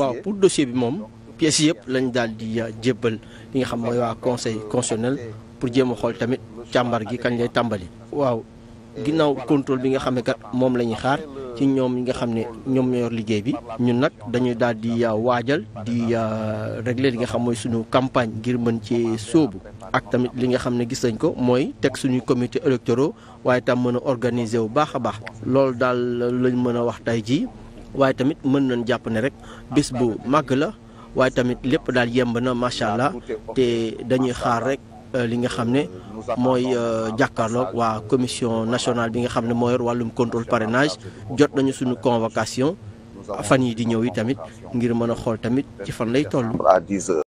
waaw pour dossier bi moom pièces yëpp lañ daal di euh, jébbal li nga xam mooy waa conseil constitutionnel pour jéem a xool tamit càmbar gi kañ lay tàmbali. waaw ginnaaw contrôle bi nga xam ne kat moom la ñuy xaar ci ñoom ñi nga xam ne ñoom ñoo yor liggéey bi ñun nag dañuy daal di euh, waajal di euh, régler li nga xam mooy suñu campagne ngir mën ci sóobu. ak tamit li nga xam ne gis nañ ko mooy teg suñuy comité électoraux waaye tam mën a organiser wu baax a baax loolu daal lañ waaye tamit mën nañ jàpp ne rek bés bu màgg la waaye tamit lépp daal yemb na macha allah te dañuy xaar rek euh, li nga xam ne mooy euh, jàkkaarloog waa commission nationale bi nga xam ne moo yor wàllum contrôle parrainage jot nañu suñu convocation fan yi di ñëw yi tamit ngir mën a xool tamit ci fan lay toll.